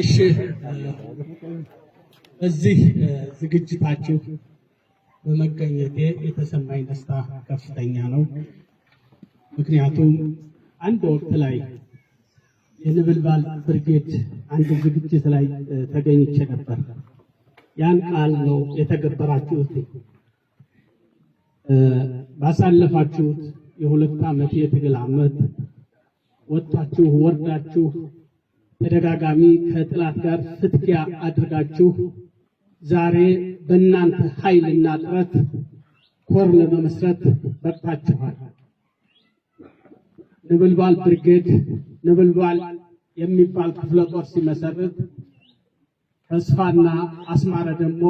እሺ እዚህ ዝግጅታችሁ በመገኘቴ የተሰማኝ ደስታ ከፍተኛ ነው። ምክንያቱም አንድ ወቅት ላይ የልብልባል ብርጌድ አንድ ዝግጅት ላይ ተገኝቼ ነበር። ያን ቃል ነው የተገበራችሁት። ባሳለፋችሁት የሁለት ዓመት የትግል ዓመት ወጥታችሁ ወርዳችሁ ተደጋጋሚ ከጥላት ጋር ፍትኪያ አድርጋችሁ ዛሬ በእናንተ ኃይልና ጥረት ኮር ለመመስረት በቅታችኋል። ንብልባል ብርጌድ ንብልባል የሚባል ክፍለ ጦር ሲመሰርት ተስፋና አስማረ ደግሞ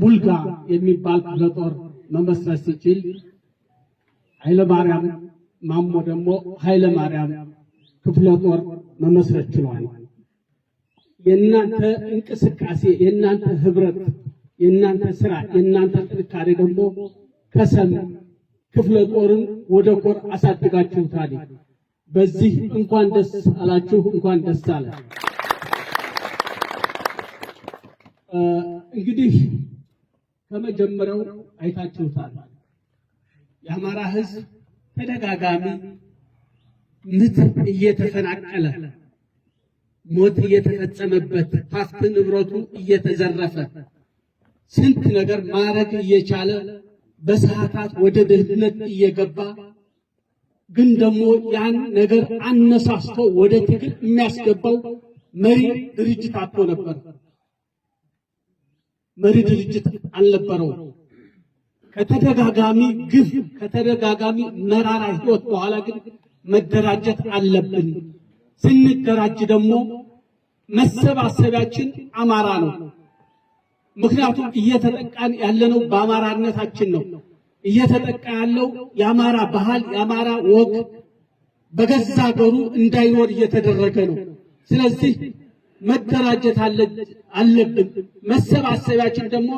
ቡልጋ የሚባል ክፍለ ጦር መመስረት ሲችል ኃይለ ማርያም ማሞ ደግሞ ኃይለ ማርያም ክፍለ ጦር መመስረት ችሏል። የእናንተ እንቅስቃሴ፣ የእናንተ ህብረት፣ የእናንተ ስራ፣ የእናንተ ጥንካሬ ደግሞ ከሰም ክፍለ ጦርን ወደ ኮር አሳድጋችሁታል። በዚህ እንኳን ደስ አላችሁ፣ እንኳን ደስ አለ። እንግዲህ ከመጀመሪያው አይታችሁታል። የአማራ ሕዝብ ተደጋጋሚ ምት እየተፈናቀለ ሞት እየተፈጸመበት ሀብት ንብረቱ እየተዘረፈ ስንት ነገር ማድረግ እየቻለ በሰዓታት ወደ ድህነት እየገባ ግን ደግሞ ያን ነገር አነሳስቶ ወደ ትግል የሚያስገባው መሪ ድርጅት አጥቶ ነበር። መሪ ድርጅት አልነበረው። ከተደጋጋሚ ግፍ፣ ከተደጋጋሚ መራራ ህይወት በኋላ ግን መደራጀት አለብን። ስንደራጅ ደግሞ መሰባሰቢያችን አማራ ነው። ምክንያቱም እየተጠቃን ያለነው በአማራነታችን ነው። እየተጠቃ ያለው የአማራ ባህል የአማራ ወግ በገዛ ሀገሩ እንዳይኖር እየተደረገ ነው። ስለዚህ መደራጀት አለብን። መሰባሰቢያችን ደግሞ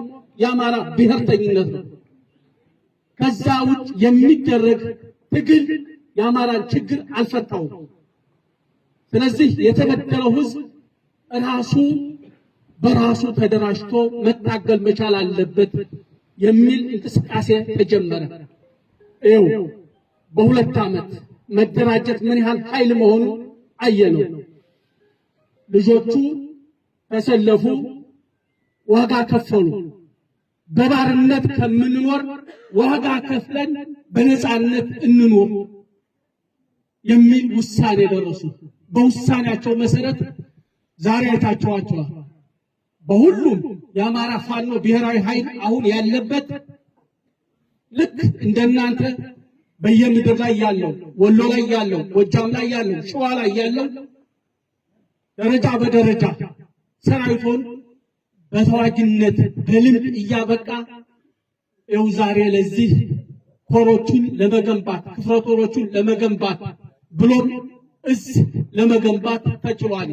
የአማራ ብሔርተኝነት ነው። ከዛ ውጭ የሚደረግ ትግል የአማራን ችግር አልፈታውም። ስለዚህ የተበደለው ህዝብ ራሱ በራሱ ተደራጅቶ መታገል መቻል አለበት። የሚል እንቅስቃሴ ተጀመረ። ይው በሁለት ዓመት መደራጀት ምን ያህል ኃይል መሆኑ አየነው። ልጆቹ ተሰለፉ፣ ዋጋ ከፈሉ። በባርነት ከምንኖር ዋጋ ከፍለን በነፃነት እንኖር የሚል ውሳኔ ደረሱ። በውሳኔያቸው መሰረት ዛሬ አይታችኋቸዋል በሁሉም የአማራ ፋኖ ብሔራዊ ኃይል አሁን ያለበት ልክ እንደናንተ በየምድር ላይ ያለው ወሎ ላይ ያለው ጎጃም ላይ ያለው ሸዋ ላይ ያለው ደረጃ በደረጃ ሰራዊቱን በተዋጊነት በልምድ እያበቃ ይኸው ዛሬ ለዚህ ኮሮቹን ለመገንባት ክፍለ ጦሮቹን ለመገንባት ብሎም እዝ ለመገንባት ተችሏል።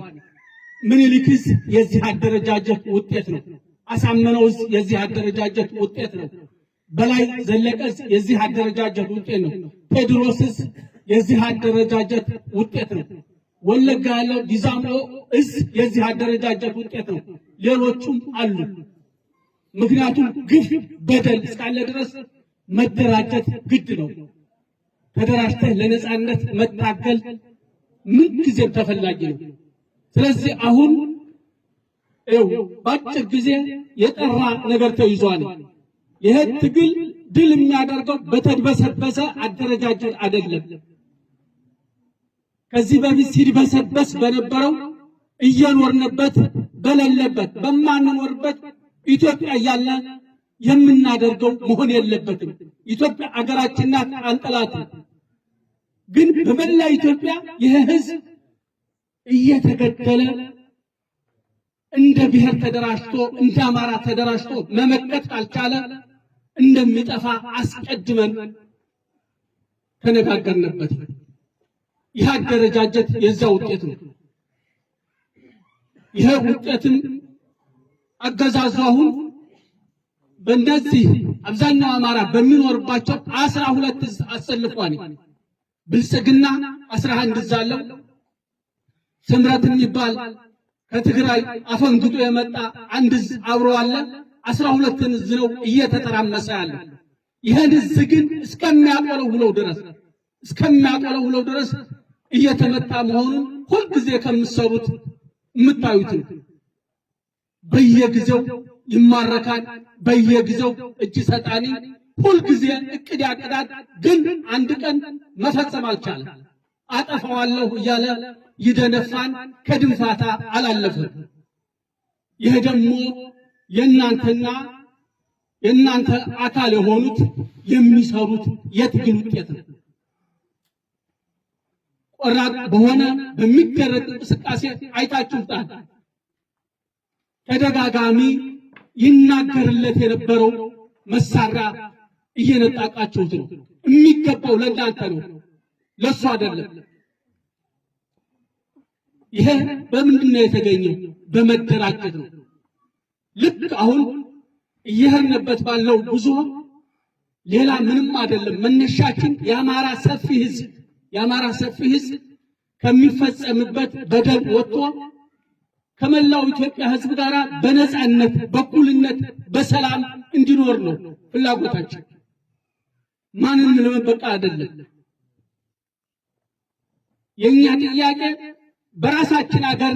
ምኒልክስ የዚህ አደረጃጀት ውጤት ነው። አሳምነው የዚህ አደረጃጀት ውጤት ነው። በላይ ዘለቀስ የዚህ አደረጃጀት ውጤት ነው። ቴዎድሮስስ የዚህ አደረጃጀት ውጤት ነው። ወለጋ ያለው ዲዛሞ እዝ የዚህ አደረጃጀት ውጤት ነው። ሌሎቹም አሉ። ምክንያቱም ግፍ፣ በደል እስካለ ድረስ መደራጀት ግድ ነው። ተደራጅተህ ለነፃነት መታገል ምን ጊዜም ተፈላጊ ነው። ስለዚህ አሁን ይኸው በአጭር ጊዜ የጠራ ነገር ተይዟል። ይሄ ትግል ድል የሚያደርገው በተድበሰበሰ አደረጃጀት አይደለም። ከዚህ በፊት ሲድበሰበስ በነበረው እየኖርንበት በሌለበት በማንኖርበት ኢትዮጵያ እያለ የምናደርገው መሆን የለበትም። ኢትዮጵያ አገራችን ናት፣ አንጠላት። ግን በመላ ኢትዮጵያ ይህ ህዝብ እየተከተለ። እንደ ብሔር ተደራጅቶ እንደ አማራ ተደራጅቶ መመከት ካልቻለ እንደሚጠፋ አስቀድመን ተነጋገርንበት። ይህ አደረጃጀት የዛ ውጤት ነው። ይህ ውጤትም አገዛዙ አሁን በእነዚህ አብዛኛው አማራ በሚኖርባቸው አስራ ሁለት እዝ አሰልፏል። ብልጽግና አስራ አንድ እዝ አለው። ትምረት የሚባል ከትግራይ አፈንግጦ የመጣ አንድ እዝ አብሮ አለ። አስራ ሁለትን እዝ ነው እየተጠራመሰ ያለ። ይህን እዝ ግን እስከሚያቆለው ብለው ድረስ እስከሚያቆለው ብለው ድረስ እየተመታ መሆኑን ሁልጊዜ ከምሰሩት የምታዩት በየጊዜው ይማረካል። በየጊዜው እጅ ሰጣኒ ሁልጊዜ እቅድ ያቅዳል፣ ግን አንድ ቀን መፈጸም አልቻለም። አጠፋዋለሁ እያለ ይደነፋን ከድንፋታ አላለፈም። ይህ ደግሞ የእናንተና የእናንተ አካል የሆኑት የሚሰሩት የትግል ውጤት ነው። ቆራጥ በሆነ በሚደረግ እንቅስቃሴ አይታችሁታል። ተደጋጋሚ ይናገርለት የነበረው መሳሪያ እየነጣቃችሁት ነው። የሚገባው ለእናንተ ነው፣ ለእሱ አይደለም። ይሄ በምንድን ነው የተገኘው? በመደራጀት ነው። ልክ አሁን እየሄድንበት ባለው ጉዞ ሌላ ምንም አይደለም። መነሻችን የአማራ ሰፊ ህዝብ የአማራ ሰፊ ህዝብ ከሚፈጸምበት በደል ወጥቶ ከመላው ኢትዮጵያ ህዝብ ጋር በነፃነት በኩልነት በሰላም እንዲኖር ነው ፍላጎታችን። ማንንም ለመበቃ አይደለም የእኛ ጥያቄ በራሳችን አገር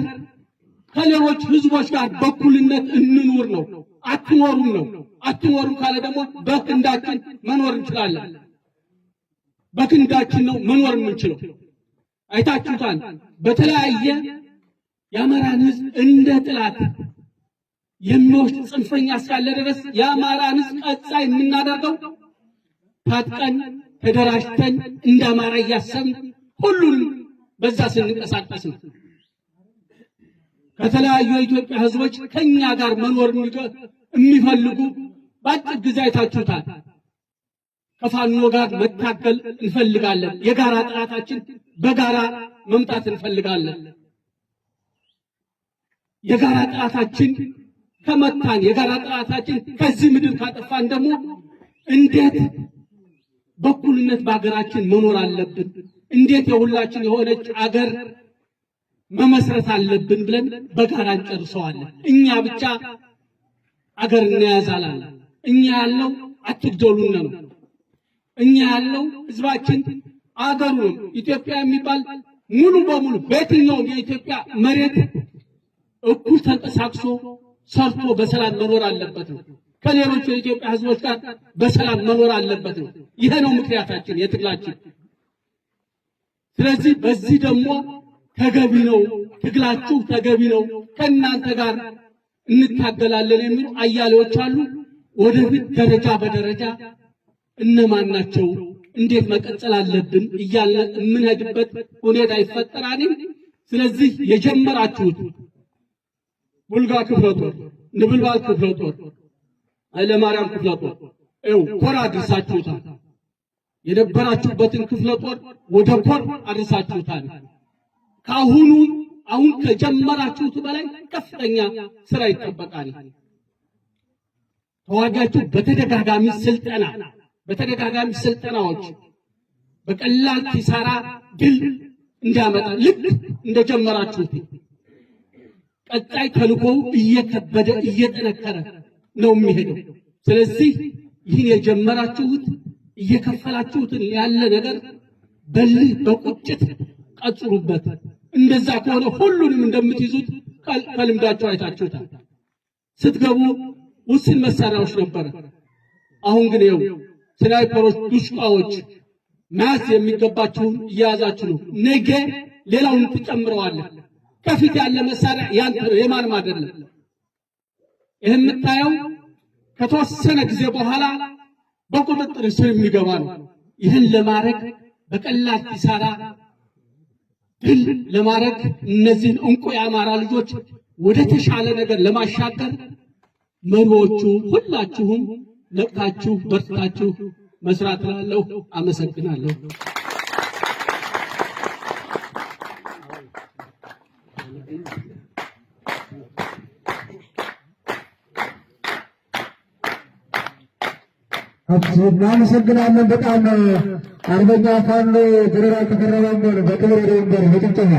ከሌሎች ህዝቦች ጋር በኩልነት እንኑር ነው። አትኖሩም ነው። አትኖሩም ካለ ደግሞ በክንዳችን መኖር እንችላለን። በክንዳችን ነው መኖር የምንችለው። አይታችሁታል። በተለያየ የአማራን ህዝብ እንደ ጥላት የሚወስድ ጽንፈኛ እስካለ ድረስ የአማራን ህዝብ ቀጻ የምናደርገው ታጥቀን ተደራጅተን እንደ አማራ እያሰብን ሁሉንም በዛ ስንንቀሳቀስ ነው። ከተለያዩ የኢትዮጵያ ህዝቦች ከኛ ጋር መኖር የሚፈልጉ በአጭር ጊዜ አይታችሁታል። ከፋኖ ጋር መታገል እንፈልጋለን። የጋራ ጥራታችን በጋራ መምጣት እንፈልጋለን። የጋራ ጥራታችን ከመታን የጋራ ጥራታችን ከዚህ ምድር ካጠፋን ደግሞ እንዴት በኩልነት በሀገራችን መኖር አለብን። እንዴት የሁላችን የሆነች አገር መመስረት አለብን ብለን በጋራ እንጨርሰዋለን። እኛ ብቻ አገር እናያዛላለን። እኛ ያለው አትግደሉን ነው። እኛ ያለው ህዝባችን አገሩ ኢትዮጵያ የሚባል ሙሉ በሙሉ በየትኛውም የኢትዮጵያ መሬት እኩል ተንቀሳቅሶ ሰርቶ በሰላም መኖር አለበት ነው። ከሌሎች የኢትዮጵያ ህዝቦች ጋር በሰላም መኖር አለበት ነው። ይሄ ነው ምክንያታችን የትግላችን። ስለዚህ በዚህ ደግሞ ተገቢ ነው ትግላችሁ ተገቢ ነው፣ ከእናንተ ጋር እንታገላለን የሚሉ አያሌዎች አሉ። ወደፊት ደረጃ በደረጃ እነማን ናቸው እንዴት መቀጠል አለብን እያለ የምንሄድበት ሁኔታ ይፈጠራል። ስለዚህ የጀመራችሁት ቡልጋ ክፍለ ጦር፣ ንብልባል ክፍለ ጦር፣ ኃይለማርያም ክፍለ ጦር ይኸው ኮራ አድርሳችሁታል። የነበራችሁበትን ክፍለ ጦር ወደ ኮር አድርሳችሁታል። ከአሁኑ አሁን ከጀመራችሁት በላይ ከፍተኛ ስራ ይጠበቃል። ተዋጊያችሁ በተደጋጋሚ ስልጠና በተደጋጋሚ ስልጠናዎች በቀላል ኪሳራ ድል እንዲያመጣ ልክ እንደጀመራችሁት ቀጣይ ተልኮ እየከበደ እየጠነከረ ነው የሚሄደው። ስለዚህ ይህን የጀመራችሁት እየከፈላችሁትን ያለ ነገር በልህ በቁጭት ቀጽሩበት። እንደዛ ከሆነ ሁሉንም እንደምትይዙት ከልምዳቸው አይታችሁታል። ስትገቡ ውስን መሳሪያዎች ነበር። አሁን ግን ይኸው ስናይፐሮች፣ ዱሽቃዎች መያዝ የሚገባችሁን እየያዛችሁ ነው። ነገ ሌላውን ትጨምረዋለህ። ከፊት ያለ መሳሪያ ያንተ ነው፣ የማንም አይደለም። ይህ የምታየው ከተወሰነ ጊዜ በኋላ በቁጥጥር ስር የሚገባ ነው። ይህን ለማድረግ በቀላል ኪሳራ ድል ለማድረግ እነዚህን እንቁ የአማራ ልጆች ወደ ተሻለ ነገር ለማሻገር መሪዎቹ ሁላችሁም ነቅታችሁ በርትታችሁ መስራት ላለሁ አመሰግናለሁ። እናመሰግናለን። በጣም አርበኛ ፋኖ ጀነራል ተፈራ ማሞ በክብር ወደ ወንበር በጭብጨባ